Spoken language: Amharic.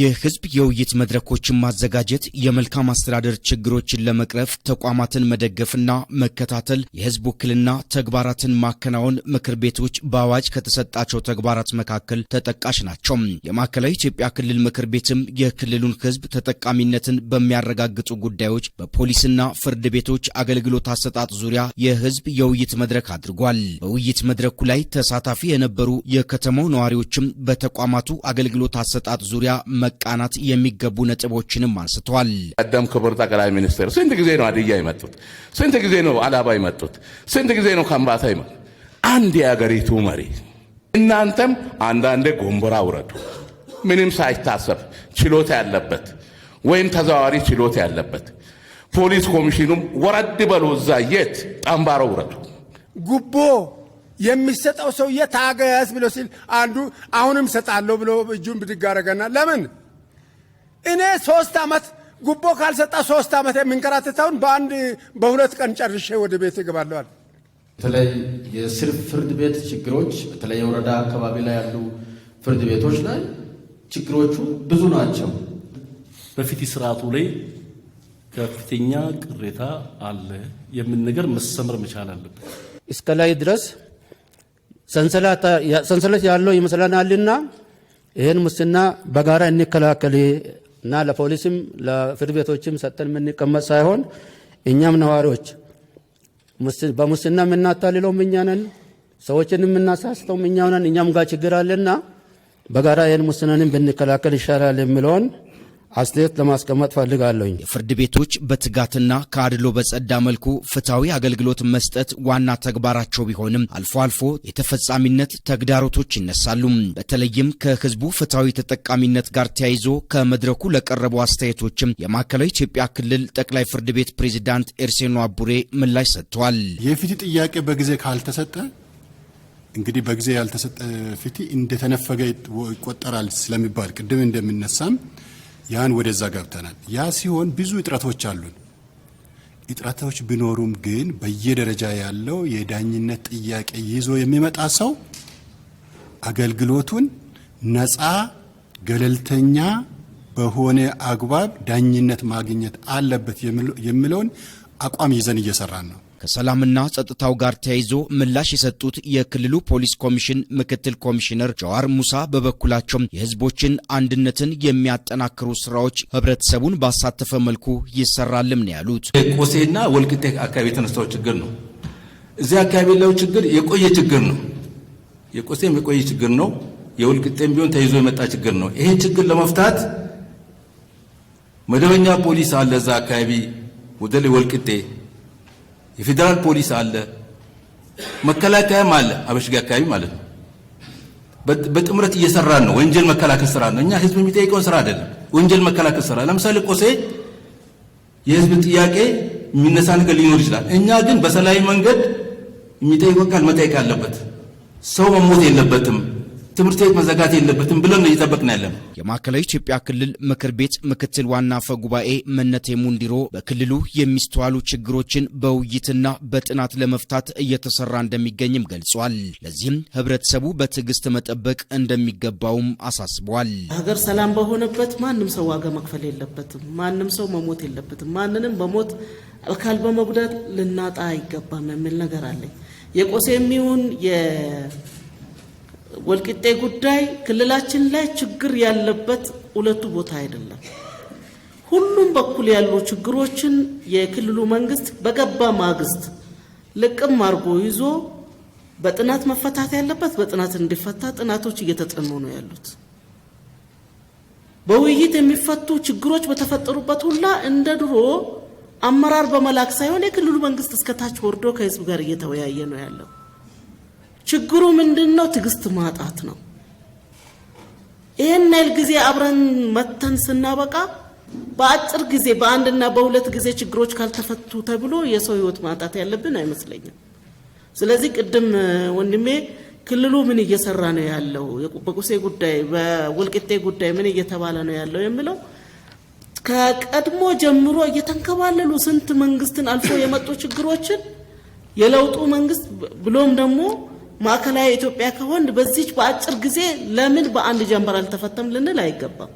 የህዝብ የውይይት መድረኮችን ማዘጋጀት የመልካም አስተዳደር ችግሮችን ለመቅረፍ ተቋማትን መደገፍና መከታተል፣ የህዝብ ውክልና ተግባራትን ማከናወን ምክር ቤቶች በአዋጅ ከተሰጣቸው ተግባራት መካከል ተጠቃሽ ናቸው። የማዕከላዊ ኢትዮጵያ ክልል ምክር ቤትም የክልሉን ህዝብ ተጠቃሚነትን በሚያረጋግጡ ጉዳዮች በፖሊስና ፍርድ ቤቶች አገልግሎት አሰጣጥ ዙሪያ የህዝብ የውይይት መድረክ አድርጓል። በውይይት መድረኩ ላይ ተሳታፊ የነበሩ የከተማው ነዋሪዎችም በተቋማቱ አገልግሎት አሰጣጥ ዙሪያ መቃናት የሚገቡ ነጥቦችንም አንስተዋል። ቀደም ክቡር ጠቅላይ ሚኒስትር ስንት ጊዜ ነው አድያ ይመጡት ስንት ጊዜ ነው አላባ የመጡት? ስንት ጊዜ ነው ከምባታ ይመ አንድ የአገሪቱ መሪ እናንተም አንዳንዴ ጎንበራ ውረዱ። ምንም ሳይታሰብ ችሎታ ያለበት ወይም ተዘዋዋሪ ችሎታ ያለበት ፖሊስ ኮሚሽኑም ወረድ በሎ እዛ የት ጠንባሮ ውረዱ ጉቦ የሚሰጠው ሰውዬ ታገያዝ ብሎ ሲል አንዱ አሁንም ሰጣለሁ ብሎ እጁን ብድግ አረገና፣ ለምን እኔ ሶስት ዓመት ጉቦ ካልሰጣ ሶስት ዓመት የምንከራተተውን በአንድ በሁለት ቀን ጨርሼ ወደ ቤት ይገባለዋል። በተለይ የስር ፍርድ ቤት ችግሮች በተለይ የወረዳ አካባቢ ላይ ያሉ ፍርድ ቤቶች ላይ ችግሮቹ ብዙ ናቸው። በፊት ስርዓቱ ላይ ከፍተኛ ቅሬታ አለ። የምን ነገር መሰመር መቻል አለበት። እስከ ላይ ድረስ ሰንሰለት ያለው ይመስለናልና ይህን ሙስና በጋራ እንከላከል እና ለፖሊስም ለፍርድ ቤቶችም ሰጠን የምንቀመጥ ሳይሆን እኛም ነዋሪዎች በሙስና የምናታልለውም እኛ ነን፣ ሰዎችን የምናሳስተውም እኛ ነን። እኛም ጋር ችግር አለና በጋራ ይህን ሙስናንም ብንከላከል ይሻላል የሚለውን አስተያየት ለማስቀመጥ ፈልጋለሁ። ፍርድ ቤቶች በትጋትና ከአድሎ በጸዳ መልኩ ፍትሐዊ አገልግሎት መስጠት ዋና ተግባራቸው ቢሆንም አልፎ አልፎ የተፈጻሚነት ተግዳሮቶች ይነሳሉ። በተለይም ከህዝቡ ፍትሐዊ ተጠቃሚነት ጋር ተያይዞ ከመድረኩ ለቀረቡ አስተያየቶችም የማዕከላዊ ኢትዮጵያ ክልል ጠቅላይ ፍርድ ቤት ፕሬዚዳንት ኤርሴኖ አቡሬ ምላሽ ሰጥተዋል። የፍትህ ጥያቄ በጊዜ ካልተሰጠ እንግዲህ በጊዜ ያልተሰጠ ፍትህ እንደተነፈገ ይቆጠራል ስለሚባል ቅድም እንደሚነሳም ያን ወደዛ ገብተናል። ያ ሲሆን ብዙ እጥረቶች አሉን። እጥረቶች ቢኖሩም ግን በየደረጃ ያለው የዳኝነት ጥያቄ ይዞ የሚመጣ ሰው አገልግሎቱን ነፃ ገለልተኛ በሆነ አግባብ ዳኝነት ማግኘት አለበት የሚለውን አቋም ይዘን እየሰራን ነው። ከሰላምና ጸጥታው ጋር ተያይዞ ምላሽ የሰጡት የክልሉ ፖሊስ ኮሚሽን ምክትል ኮሚሽነር ጀዋር ሙሳ በበኩላቸው የህዝቦችን አንድነትን የሚያጠናክሩ ስራዎች ህብረተሰቡን ባሳተፈ መልኩ ይሰራልም ነው ያሉት። ቆሴና ወልቅጤ አካባቢ የተነሳው ችግር ነው። እዚህ አካባቢ ያለው ችግር የቆየ ችግር ነው። የቆሴም የቆየ ችግር ነው። የወልቅጤም ቢሆን ተይዞ የመጣ ችግር ነው። ይሄ ችግር ለመፍታት መደበኛ ፖሊስ አለ እዛ አካባቢ ወደ ወልቅጤ የፌዴራል ፖሊስ አለ፣ መከላከያም አለ፣ አበሽጌ አካባቢ ማለት ነው። በጥምረት እየሰራን ነው። ወንጀል መከላከል ስራ ነው። እኛ ህዝብ የሚጠይቀውን ስራ አይደለም፣ ወንጀል መከላከል ስራ። ለምሳሌ ቆሴ የህዝብ ጥያቄ የሚነሳ ነገር ሊኖር ይችላል። እኛ ግን በሰላዊ መንገድ የሚጠይቀው ቃል መጠየቅ አለበት። ሰው መሞት የለበትም። ትምህርት ቤት መዘጋት የለበትም ብለን እየጠበቅን ያለን። የማዕከላዊ ኢትዮጵያ ክልል ምክር ቤት ምክትል ዋና አፈ ጉባኤ መነቴ ሙንዲሮ በክልሉ የሚስተዋሉ ችግሮችን በውይይትና በጥናት ለመፍታት እየተሰራ እንደሚገኝም ገልጿል። ለዚህም ህብረተሰቡ በትዕግስት መጠበቅ እንደሚገባውም አሳስቧል። ሀገር ሰላም በሆነበት ማንም ሰው ዋጋ መክፈል የለበትም። ማንም ሰው መሞት የለበትም። ማንንም በሞት አካል በመጉዳት ልናጣ አይገባም የሚል ነገር አለኝ የቆሴ የሚሆን ወልቂጤ ጉዳይ ክልላችን ላይ ችግር ያለበት ሁለቱ ቦታ አይደለም። ሁሉም በኩል ያሉ ችግሮችን የክልሉ መንግስት በገባ ማግስት ልቅም አድርጎ ይዞ በጥናት መፈታት ያለበት በጥናት እንዲፈታ ጥናቶች እየተጠኑ ነው ያሉት። በውይይት የሚፈቱ ችግሮች በተፈጠሩበት ሁላ እንደ ድሮ አመራር በመላክ ሳይሆን የክልሉ መንግስት እስከታች ወርዶ ከህዝብ ጋር እየተወያየ ነው ያለው። ችግሩ ምንድን ነው? ትዕግስት ማጣት ነው። ይህን ያህል ጊዜ አብረን መተን ስናበቃ በአጭር ጊዜ በአንድና በሁለት ጊዜ ችግሮች ካልተፈቱ ተብሎ የሰው ህይወት ማጣት ያለብን አይመስለኝም። ስለዚህ ቅድም ወንድሜ ክልሉ ምን እየሰራ ነው ያለው፣ በቁሴ ጉዳይ በወልቂጤ ጉዳይ ምን እየተባለ ነው ያለው የሚለው ከቀድሞ ጀምሮ እየተንከባለሉ ስንት መንግስትን አልፎ የመጡ ችግሮችን የለውጡ መንግስት ብሎም ደግሞ ማዕከላዊ ኢትዮጵያ ከሆን በዚች በአጭር ጊዜ ለምን በአንድ ጀንበር አልተፈተም ልንል አይገባም።